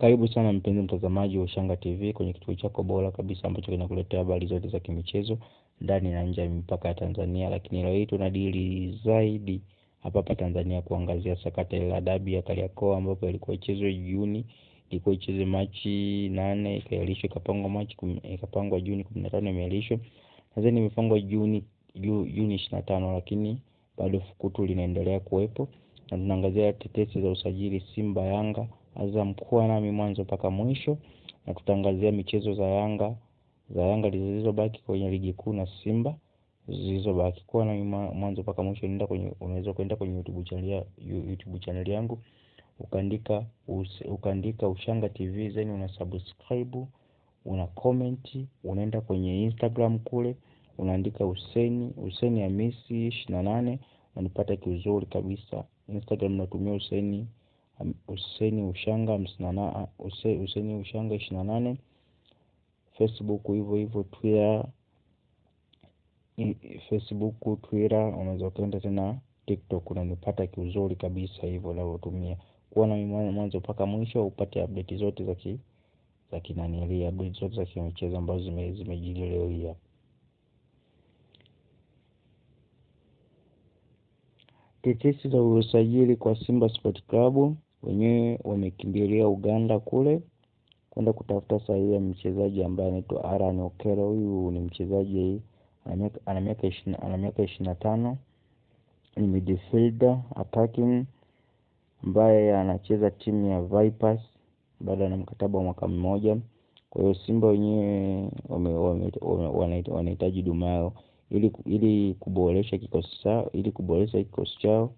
Karibu sana mpenzi mtazamaji wa Ushanga TV kwenye kituo chako bora kabisa ambacho kinakuletea habari zote za kimichezo ndani na nje ya mipaka ya Tanzania, lakini leo hii dili zaidi hapa hapa Tanzania kuangazia sakata la dabi ya Kariakoo ambapo ilikuwa ichezwe Juni, ilikuwa ichezwe Machi nane, ikaahirishwa ikapangwa Machi ikapangwa Juni 15 tano, imeahirishwa nadhani imepangwa Juni Juni 25 lakini bado fukutu linaendelea kuwepo na tunaangazia tetesi za usajili Simba Yanga Azam, kuwa nami mwanzo mpaka mwisho na kutangazia michezo za Yanga za Yanga zilizobaki kwenye ligi kuu na Simba zilizobaki. Kuwa nami mwanzo mpaka mwisho, nenda kwenye, unaweza kwenda kwenye YouTube channel YouTube channel yangu ukaandika ukaandika Ushanga TV, then una subscribe, una comment, unaenda kwenye Instagram kule unaandika Huseni Huseni Hamisi ishirini na nane unanipata kiuzuri kabisa. Instagram natumia Huseni useni Ushanga Hussein Ushanga ishirini na nane Facebook hivyo hivyo, Twitter Facebook, Twitter, unaweza ukaenda tena TikTok, unanipata kiuzuri kabisa hivyo unavyotumia. Kuwa na mwanzo mpaka mwisho, upate update zote za ki za kinanilia, update zote za kimichezo ambazo zimejili leo hii hapa. Tetesi za usajili kwa Simba Sport Club wenyewe wamekimbilia Uganda kule kwenda kutafuta sahihi ya mchezaji ambaye anaitwa Aaron Okero. Huyu ni mchezaji ana miaka ishirini na tano, ni midfielder attacking ambaye anacheza timu ya Vipers baada ya mkataba wa mwaka mmoja. Kwa hiyo Simba wenyewe wanahitaji chao ili kuboresha kikosi chao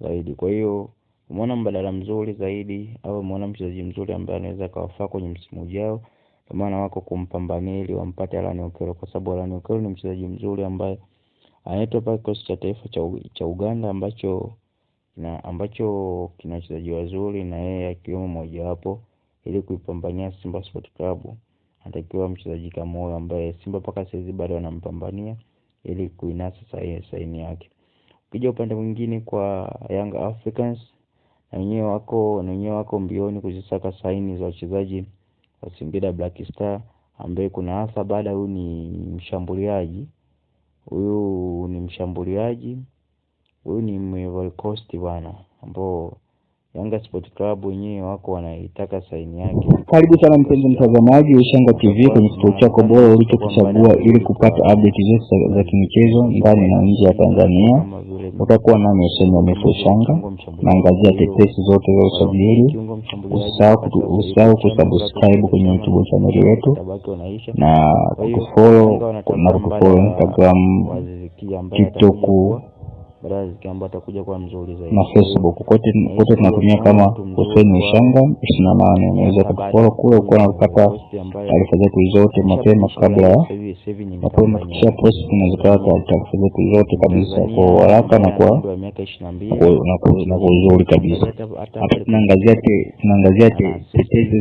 zaidi. Kwa hiyo kumwona mbadala mzuri zaidi au umeona mchezaji mzuri ambaye anaweza akawafaa kwenye msimu ujao, kwa maana wako kumpambania ili wampate Allan Okello, kwa sababu Allan Okello ni mchezaji mzuri ambaye anaitwa pale kikosi cha taifa cha, cha Uganda ambacho na ambacho kina wachezaji wazuri na yeye akiwemo mojawapo, ili kuipambania Simba Sport Club anatakiwa mchezaji kama huyo ambaye Simba mpaka saizi bado wanampambania ili kuinasa saini yake. Ukija upande mwingine kwa Young Africans na wenyewe wako mbioni kuzisaka saini za wachezaji wa Singida Black Star ambaye kuna hasa baada, huyu ni mshambuliaji, huyu ni mshambuliaji, huyu ni Ivory Coast bwana ambao Yanga Sport Club wenyewe wako wanaitaka saini yake. Karibu sana mpenzi mtazamaji wa Shanga TV kwenye kituo chako bora ulichokuchagua ili kupata update zote za kimichezo ndani na nje ya Tanzania. Utakuwa nami Hussein Ameso Shanga, naangazia tetesi zote za usajili. Usisahau kusubscribe kwenye YouTube channel yetu na kutufollow na kutufollow Instagram, TikTok riziki atakuja kuwa mzuri zaidi. Na Facebook kote kote tunatumia kama Hussein Ishanga 28. Unaweza kutufollow kule uko na kupata taarifa zetu zote mapema kabla ya mapema. kisha post kwa taarifa zetu zote kabisa kwa haraka na kwa na kwa uzuri kabisa. hata tunaangazia tunaangazia tetezi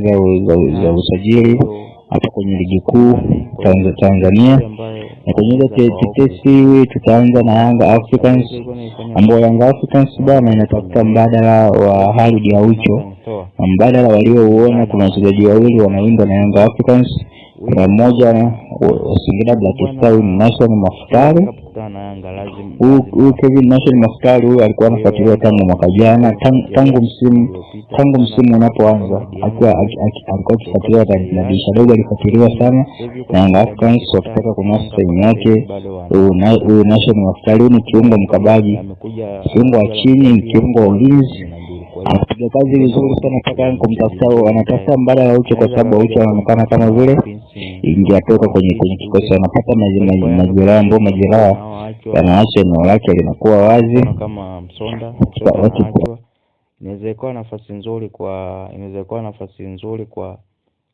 za usajili hapa kwenye ligi kuu Tanzania na kwenye ile tetesi tutaanza na Yanga Africans, ambao Yanga Africans bwana inatafuta mbadala wa Khalid Aucho, na mbadala waliouona kuna wachezaji wawili wanaimba na Yanga Africans na moja wa Singida Black Star Nation Mafukari. Huyu Kevin Nation Mafukari huyu alikuwa anafuatiliwa tangu mwaka jana, tangu msimu tangu msimu unapoanza alikuwa akifuatiliwa na dirisha dogo, alifuatiliwa sana na Young Africans wakitaka kunasa timu yake. Huyu Nation Mafukari huyu ni kiungo mkabaji, kiungo wa chini, kiungo wa ulinzi anapiga kazi vizuri sana mpaka kumtafuta, anatafuta mbadala Aucho kwa sababu Aucho anaonekana kama vile ingetoka kwenye kwenye kikosi, anapata majeraha ambao majeraha yanaacha eneo lake linakuwa wazi kama msonda inaweza kuwa nafasi nzuri kwa inaweza kuwa nafasi nzuri kwa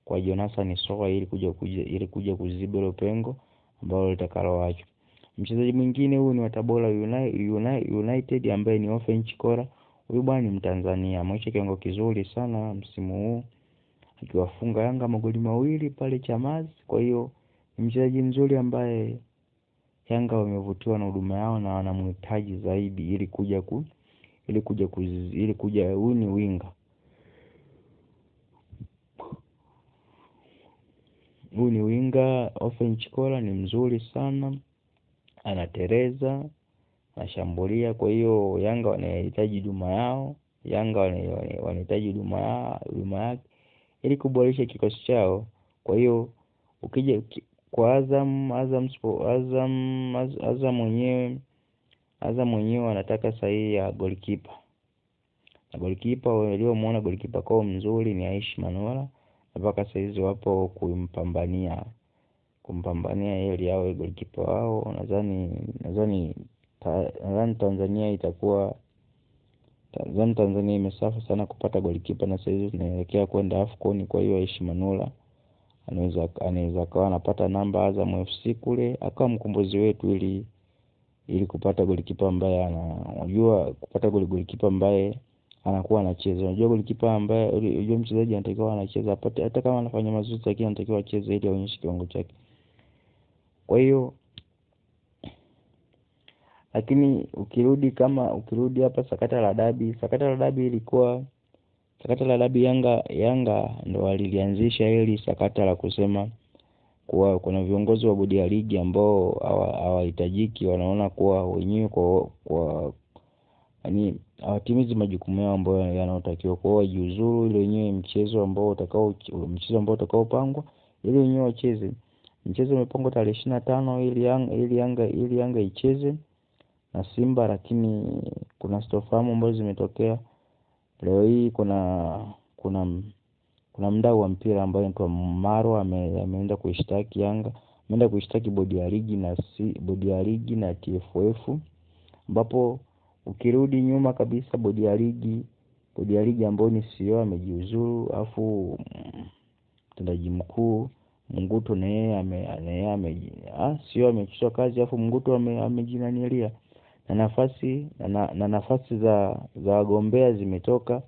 kwa Jonathan Soa ili kuja kuja ili kuja kuziba ile pengo ambalo litakaloachwa. Mchezaji mwingine huyu ni wa Tabora United United ambaye ni Ofen Chikora Huyu bwana ni Mtanzania, ameonyesha kiwango kizuri sana msimu huu akiwafunga Yanga magoli mawili pale Chamazi. Kwa hiyo ni mchezaji mzuri ambaye Yanga wamevutiwa na huduma yao na wanamhitaji zaidi ili kuja ku ili kuja ili kuja huyu ni winga. Huyu ni winga Ofen Chikola ni mzuri sana, anatereza nashambulia. Kwa hiyo Yanga wanahitaji huduma yao, Yanga wanahitaji huduma yake ili kuboresha kikosi chao. Kwa hiyo ukija kwa Azam, Azam Azam Azam mwenyewe Azam mwenyewe anataka sahihi ya golikipa na golikipa waliomwona golikipa kwao mzuri ni Aishi Manula, na mpaka saizi wapo kumpambania kumpambania ili awe golikipa wao. Nadhani nadhani nadhani Tanzania itakuwa nadhani Tanzania imesafa sana kupata golikipa na saizi tunaelekea kwenda AFCON. Kwa hiyo Aishi Manula anaweza akawa anapata namba Azam FC kule, akawa mkombozi wetu ili ili kupata golikipa ambaye anajua kupata golikipa ambaye anakuwa anacheza. Unajua golikipa ambaye unajua mchezaji anatakiwa anacheza, hata kama anafanya mazuri lakini anatakiwa acheze ili aonyeshe kiwango chake. Kwa hiyo lakini ukirudi kama ukirudi hapa sakata la dabi, sakata la dabi ilikuwa sakata la dabi Yanga, Yanga ndo walilianzisha hili sakata la kusema kuwa kuna viongozi wa bodi ya ligi ambao hawahitajiki, wanaona kuwa wenyewe kwa kwa yani hawatimizi majukumu yao ambayo yanayotakiwa kwao, wajiuzuru ili wenyewe mchezo ambao utakao mchezo ambao utakaopangwa ili wenyewe wacheze. Mchezo umepangwa tarehe ishirini na tano ili Yanga ili Yanga ili Yanga icheze na Simba, lakini kuna sitofahamu ambazo zimetokea leo hii. Kuna kuna kuna mdau wa mpira ambaye anaitwa Maro ameenda kuishtaki Yanga, ameenda kuishtaki bodi ya ligi na si, bodi ya ligi na TFF, ambapo ukirudi nyuma kabisa bodi ya ligi bodi ya ligi ambayo ni CEO amejiuzuru, afu mtendaji mkuu Mnguto naye ame, ame, ah, CEO amechukua kazi afu Mnguto amejinanilia ame na nafasi, na, na nafasi za, za wagombea zimetoka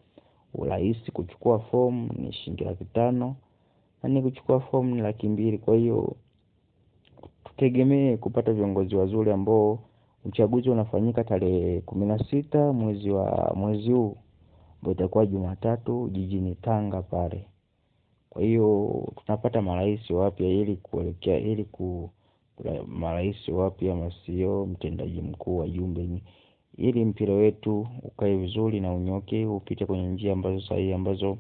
urahisi kuchukua fomu ni shilingi laki tano na ni kuchukua fomu ni laki mbili. Kwa hiyo tutegemee kupata viongozi wazuri ambao uchaguzi unafanyika tarehe kumi na sita mwezi wa mwezi huu ambao itakuwa Jumatatu jijini Tanga pale. Kwa hiyo tunapata marahisi wapya ili kuelekea ili ku marais wapya masio mtendaji mkuu wa jumbe ili mpira wetu ukae vizuri na unyoke upite kwenye njia ambazo sahihi ambazo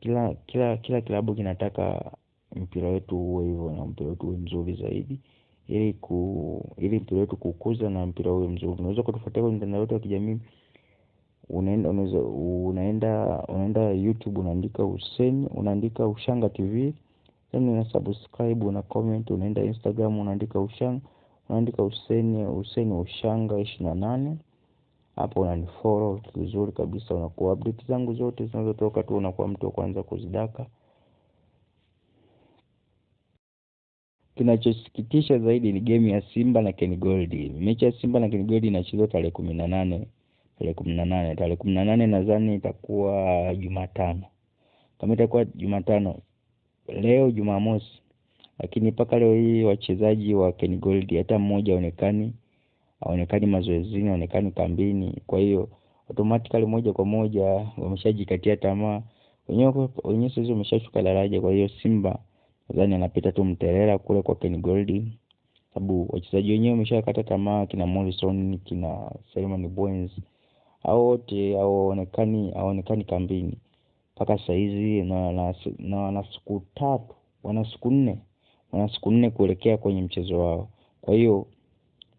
kila kila kila kilabu kinataka mpira wetu uwe hivyo na mpira wetu uwe mzuri zaidi ili ku ili mpira wetu kukuza na mpira uwe mzuri unaweza kutufuatia kwenye mtandao wetu wa kijamii unaenda unaenda unaenda YouTube unaandika Hussein unaandika Ushanga TV Yani una subscribe, una comment, unaenda Instagram unaandika ushanga, unaandika Hussein Hussein Ushanga 28. Hapo unanifollow vizuri kabisa, unakuwa update zangu zote zinazotoka tu unakuwa mtu wa kwanza kuzidaka. Kinachosikitisha zaidi ni game ya Simba na Ken Gold. Mechi ya Simba na Ken Gold inachezwa tarehe kumi na nane tarehe kumi na nane tarehe kumi na nane nadhani itakuwa Jumatano. Kama itakuwa Jumatano, leo Jumamosi, lakini mpaka leo hii wachezaji wa Ken Gold hata mmoja aonekani aonekani mazoezini, aonekani kambini. Kwa hiyo automatically moja kwa moja wameshajikatia tamaa wenyewe wenyewe, sasa wameshashuka daraja. Kwa hiyo Simba nadhani anapita tu mterera kule kwa Ken Gold, sababu wachezaji wenyewe wameshakata tamaa, kina Morrison, kina Simon Boyens, hao wote haonekani, haonekani kambini mpaka sasa hizi na wana siku tatu, wana siku nne, wana siku nne kuelekea kwenye mchezo wao. Kwa hiyo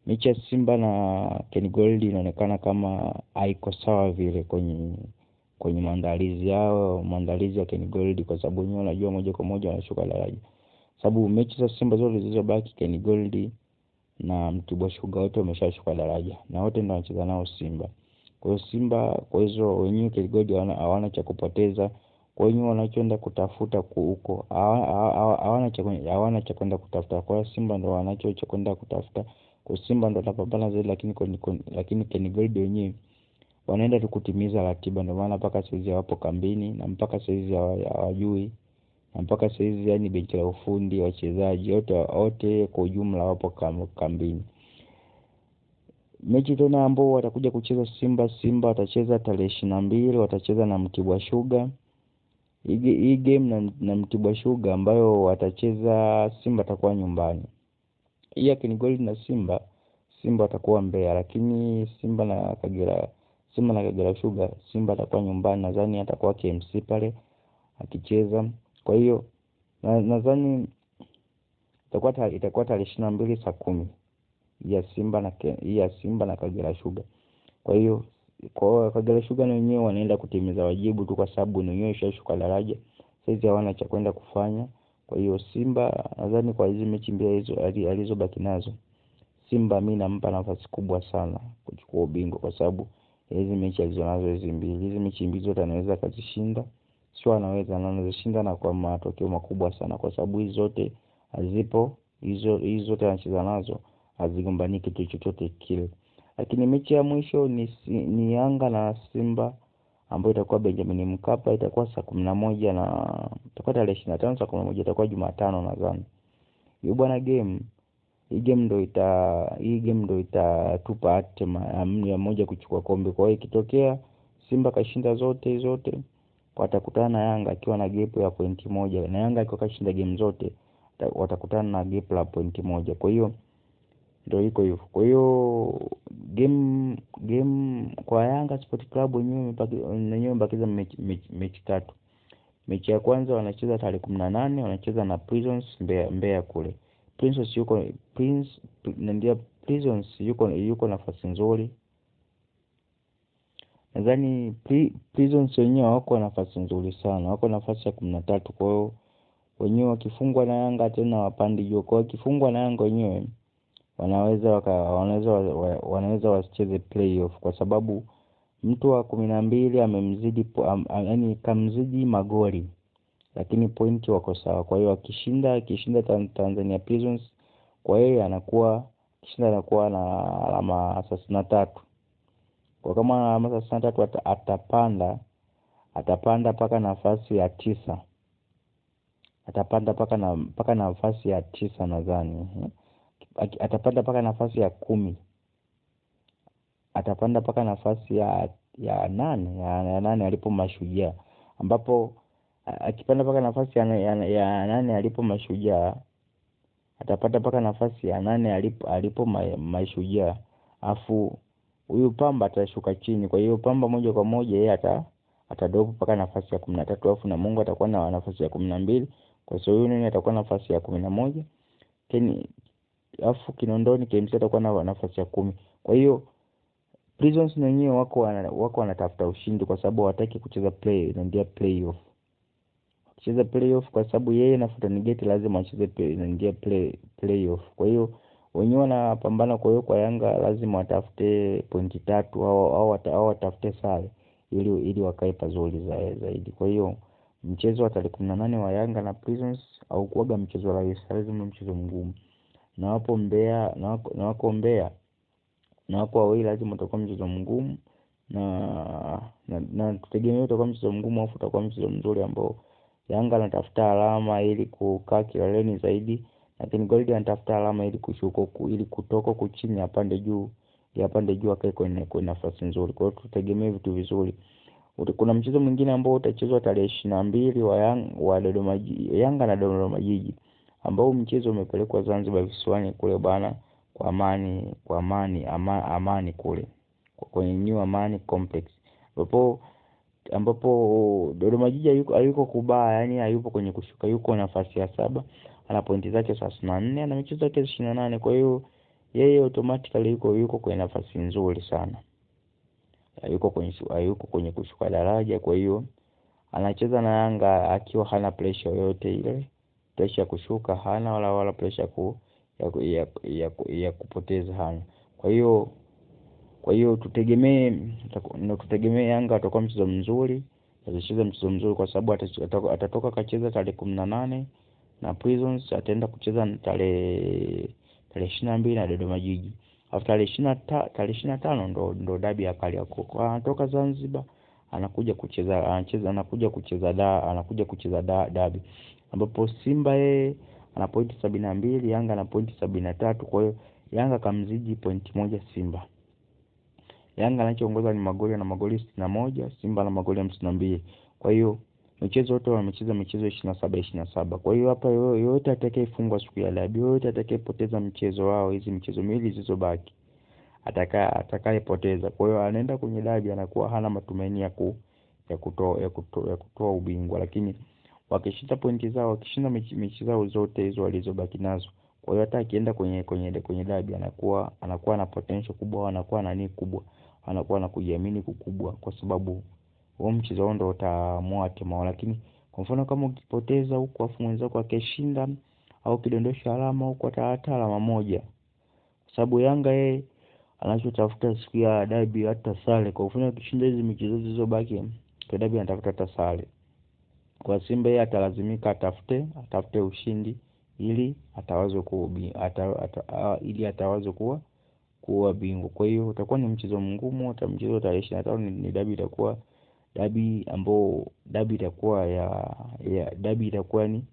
mechi ya Simba na gold inaonekana kama haiko sawa vile kwenye kwenye maandalizi yao, maandalizi ya gold kwa sababu wenyewe wanajua moja kwa moja wanashuka daraja, sababu mechi za Simba zote zilizobaki gold na Mtibwa shuga wote wameshashuka daraja na wote ndio wanacheza nao Simba. Kwa hiyo Simba, kwa hizo wenyewe kiligodi hawana cha kupoteza, kwa hiyo wanachoenda kutafuta huko hawana cha kwenda kutafuta, kwa hiyo Simba ndio wanacho cha kwenda kutafuta, kwa Simba ndio watapambana zaidi, lakini lakini kiligodi wenyewe wanaenda tu kutimiza ratiba, ndio maana mpaka saizi hawapo kambini na mpaka saizi hawajui na mpaka saizi, yani benchi la ufundi, wachezaji wote wote kwa ujumla wapo kambini mechi tena ambao watakuja kucheza Simba, Simba watacheza tarehe ishirini na mbili watacheza na Mtibwa shuga Hii game na, na Mtibwa shuga ambayo watacheza Simba atakuwa nyumbani. Hii akinigoli na Simba, Simba atakuwa Mbeya, lakini Simba na Kagera, Simba na Kagera Shuga, Simba atakuwa nyumbani, nadhani atakuwa KMC pale akicheza. Kwa hiyo nadhani itakuwa itakuwa tarehe ishirini na mbili saa kumi ya Simba na ya Simba na Kagera Sugar. Kwa hiyo kwa Kagera Sugar na wenyewe wanaenda kutimiza wajibu tu, kwa sababu wenyewe ishashuka daraja saizi, hawana cha kwenda kufanya. Kwa hiyo Simba nadhani kwa hizi mechi mbili hizo alizobaki nazo Simba mi nampa nafasi kubwa sana kuchukua ubingwa, kwa sababu hizi mechi alizonazo hizi mbili, hizi mechi mbili zote anaweza kazishinda, sio anaweza, anazishinda na kwa matokeo makubwa sana, kwa sababu hizi zote hazipo, hizo hizi zote anacheza nazo hazigombani kitu chochote kile. Lakini mechi ya mwisho ni, ni Yanga na Simba ambayo itakuwa Benjamin Mkapa, itakuwa saa kumi na moja na itakuwa tarehe ishirini na tano saa kumi na moja itakuwa Jumatano nadhani. Hiyo bwana game hii game ndo ita hii game ndo itatupa hatima ya moja kuchukua kombe. Kwa hiyo ikitokea Simba kashinda zote zote, watakutana na Yanga akiwa na gepu ya pointi moja, na Yanga akiwa kashinda game zote, watakutana na gepu la pointi moja. Kwa hiyo ndio iko hivyo. Kwa hiyo game game kwa Yanga Sport Club wenyewe mbakiza mechi tatu. Mechi ya kwanza wanacheza tarehe kumi na nane wanacheza na Prisons Mbeya, Mbeya kule Prisons yuko Prince ndio Prisons yuko yuko nafasi nzuri, nadhani Prisons wenyewe wako nafasi nzuri sana, wako nafasi ya kumi na tatu. Kwa hiyo wenyewe wakifungwa na Yanga tena wapandi juu, kwa wakifungwa na Yanga wenyewe wanaweza wanaweza wasicheze playoff kwa sababu mtu wa kumi na mbili amemzidi yaani kamzidi magoli lakini pointi wako sawa. Kwa hiyo akishinda akishinda Tanzania Prisons kwa yeye anakuwa akishinda anakuwa na alama thelathini na tatu kwa kama na alama thelathini na tatu atapanda atapanda mpaka nafasi ya tisa atapanda mpaka na nafasi ya tisa nadhani atapanda mpaka nafasi ya kumi atapanda mpaka nafasi ya ya nane ya, ya nane alipo mashujaa ambapo akipanda mpaka nafasi ya, ya, ya nane alipo mashujaa atapata mpaka nafasi ya nane alipo, alipo ma, mashujaa afu huyu pamba atashuka chini. Kwa hiyo pamba moja kwa moja yeye ata atadopu mpaka nafasi ya kumi na tatu afu mungu atakuwa na nafasi ya kumi na mbili kwa hiyo huyu nini atakuwa nafasi ya kumi na moja alafu Kinondoni KMC atakuwa na nafasi ya kumi. Kwa hiyo Prisons na wenyewe wako wako wanatafuta ushindi kwa sababu hawataki kucheza play inaingia playoff. Cheza playoff kwa sababu yeye na Fountain Gate lazima wacheze inaingia play playoff. Kwa hiyo wenyewe wanapambana, kwa hiyo kwa Yanga lazima watafute pointi tatu au au watafute sare ili ili wakae pazuri zaidi. Kwa hiyo mchezo wa tarehe kumi na nane wa Yanga na Prisons haukuwaga mchezo rahisi, lazima mchezo mgumu na wapo Mbeya na wako, Mbeya na wako wawili, lazima utakuwa mchezo mgumu na na tutegemea utakuwa mchezo mgumu, afu utakuwa mchezo mzuri ambao Yanga anatafuta alama ili kukaa kileleni zaidi, lakini Gold anatafuta alama ili kushuka, ili kutoka kuchini apande juu, ya pande juu akae kwenye kwenye nafasi nzuri. Kwa hiyo tutegemee vitu vizuri. Kuna mchezo mwingine ambao utachezwa tarehe ishirini na mbili wa Yanga na Dodoma Jiji ambao mchezo umepelekwa Zanzibar visiwani kule bana kwa amani kwa amani ama, amani kule kwenye New Amani Complex ambapo ambapo Dodoma Jiji hayuko, hayuko kubaya, yani hayupo kwenye kushuka, yuko nafasi ya saba, ana pointi zake 34 na nne ana michezo yake 28 nane kwa hiyo yeye automatically yuko yuko kwenye nafasi nzuri sana, hayuko kwenye hayuko kwenye kushuka daraja. Kwa hiyo anacheza na Yanga akiwa hana pressure yoyote ile, presha ya kushuka hana wala wala presha ku, ya, ya, ya, ya kupoteza hana. Kwa hiyo kwa hiyo tutegemee na tutegemee Yanga atakuwa mchezo mzuri, atacheza mchezo mzuri kwa sababu atatoka akacheza tarehe kumi na nane na Prisons, ataenda kucheza tarehe tarehe ishirini na mbili na Dodoma Jiji, alafu tarehe ishirini na tano ndo ndo dabi ya Kariakoo, anatoka Zanzibar anakuja kucheza anacheza anakuja kucheza da anakuja kucheza da dabi ambapo Simba yeye ana pointi sabini na mbili Yanga ana pointi sabini na tatu kwa hiyo Yanga kamzidi pointi moja Simba. Yanga anachoongoza ni magoli na magoli sitini na moja Simba na magoli hamsini na mbili kwa hiyo michezo yote wamecheza michezo ishirini na saba ishirini na saba kwa hiyo hapa yoyote atakayefungwa siku ya dabi yoyote atakayepoteza mchezo wao hizi michezo miwili zilizobaki ataka atakayepoteza. Kwa hiyo anaenda kwenye dabi anakuwa hana matumaini ya ku ya kutoa ya kutoa, ya kutoa ubingwa, lakini wakishinda pointi zao wakishinda mechi, mechi zao zote hizo walizobaki nazo. Kwa hiyo hata akienda kwenye kwenye kwenye dabi anakuwa anakuwa na potential kubwa, anakuwa na nini kubwa, anakuwa na kujiamini kukubwa, kwa sababu huo mchezo wao ndio utaamua timu. Lakini kwa mfano kama ukipoteza huko afu mwenzako akishinda au kidondosha alama huko hata alama moja, kwa sababu Yanga yeye anachotafuta siku ya dabi hata sare. Kwa kufanya kushinda hizi mechi zote zilizobaki kwa dabi, anatafuta hata sare. Kwa Simba yeye atalazimika atafute atafute ushindi ili atawaze kuwa ata, ata, ili atawaze kuwa kuwa bingwa. Kwa hiyo utakuwa ni mchezo mgumu, hata mchezo tarehe 25 na tano ni dabi, itakuwa dabi ambao dabi itakuwa ya, ya dabi itakuwa ni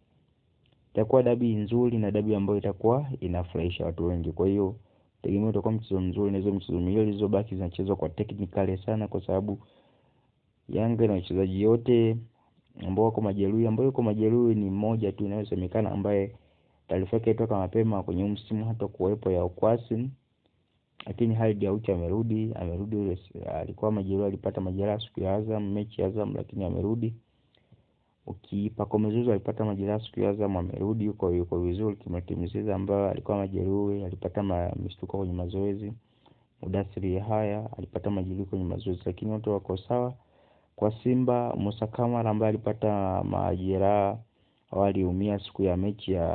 itakuwa dabi nzuri na dabi ambayo itakuwa inafurahisha watu wengi, kwa hiyo tegemeo utakuwa mchezo mzuri, na hizo mchezo miwili zilizobaki zinachezwa kwa technically sana, kwa sababu Yanga na wachezaji wote ambao wako majeruhi, ambao yuko majeruhi ni mmoja tu inayosemekana, ambaye taarifa yake itoka mapema kwenye msimu hata kuwepo ya ukwasi, lakini Khalid Aucho amerudi, amerudi. Alikuwa majeruhi, alipata majeraha siku ya Azam, mechi ya Azam, lakini amerudi ukiipa kwa Pakomezuzwa alipata majeraha siku ya Azam amerudi yuko yuko vizuri kama timu mzizi ambayo alikuwa majeruhi, alipata ma, mshtuko kwenye mazoezi. Mudathiri haya alipata majeruhi kwenye mazoezi, lakini wote wako sawa. Kwa Simba Musa Kamara ambaye alipata majeraha au aliumia siku ya mechi ya,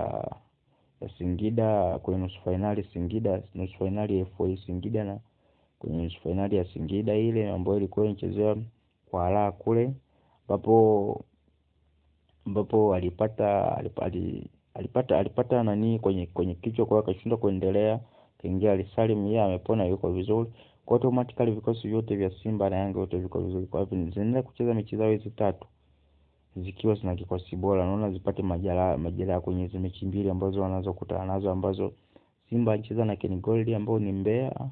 ya Singida kwenye nusu finali Singida, nusu finali ya FA Singida na kwenye nusu finali ya Singida ile ambayo ilikuwa inchezewa kwa haraka kule ambapo ambapo alipata alipata alipata nani kwenye kwenye kichwa kwa akashindwa kuendelea, kaingia alisalim yeye amepona, yuko vizuri kwa automatically, vikosi vyote vya Simba na Yanga vyote viko vizuri. Kwa hivyo zinaenda kucheza mechi zao hizi tatu zikiwa zina kikosi bora, naona zipate majala majala kwenye hizo mechi mbili ambazo wanazo kutana nazo, ambazo Simba alicheza na Ken Gold ambao ni Mbeya,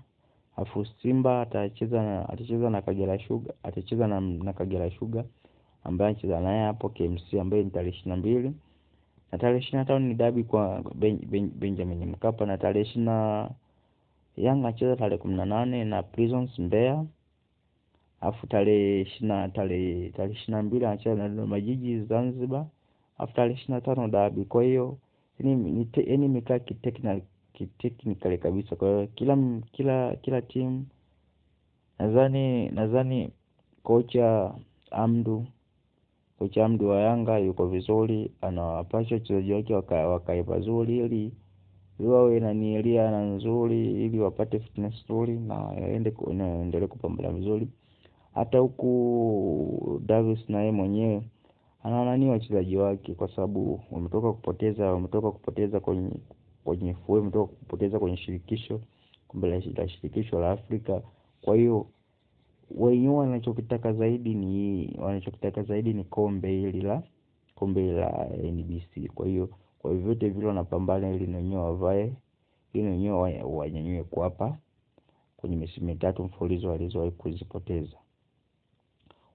afu Simba atacheza na atacheza na Kagera Sugar, atacheza na, na Kagera Sugar ambaye anacheza naye hapo KMC ambaye ni tarehe ishirini na mbili na tarehe ishirini na tano ni dabi kwa ben, ben, Benjamin Mkapa na tarehe ishirini na Yanga anacheza tarehe kumi na nane na Prisons Mbeya afu tarehe ishirini tarehe ishirini na mbili anacheza na Dodoma Jiji Zanzibar afu tarehe ishirini na tano dabi. Kwa hiyo yaani imekaa kiteknikali kabisa. Kwa hiyo kila kila kila timu nadhani nadhani kocha Amdu kocha mdu wa Yanga yuko vizuri, anawapasha wachezaji wake wakae pazuri, ili wawe nanielia na nzuri, ili wapate fitness nzuri na endelee kupambana vizuri. Hata huku Davis na yeye mwenyewe ananani wachezaji wake, kwa sababu wametoka kupoteza wametoka kupoteza kwenye kwenye FUE wametoka kupoteza kwenye shirikisho kombe la shirikisho la Afrika, kwa hiyo wenyewe wanachokitaka zaidi ni wanachokitaka zaidi ni kombe hili la kombe la NBC. Kwa hiyo kwa vyovyote vile wanapambana ili wenyewe wavae ili wenyewe wanyanyue kwapa kwenye misimu mitatu mfululizo walizowahi kuzipoteza.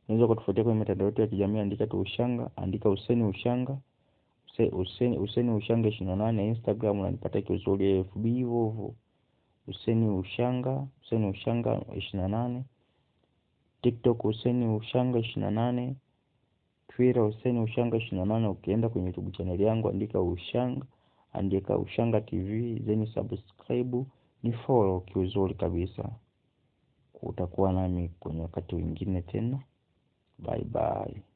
Unaweza kutufuatia kwenye mitandao yetu ya kijamii, andika tu Ushanga, andika Huseni Ushanga, Huseni Huseni Ushanga 28 Instagram, unanipata kiuzuri FB hivyo hivyo, Huseni Ushanga, useni Ushanga 28 TikTok useni Ushanga 28, Twitter useni Ushanga 28. Ukienda kwenye YouTube channel yangu andika Ushanga, andika Ushanga TV, then subscribe ni follow kiuzuri kabisa. Utakuwa nami kwenye wakati wengine tena, bye bye.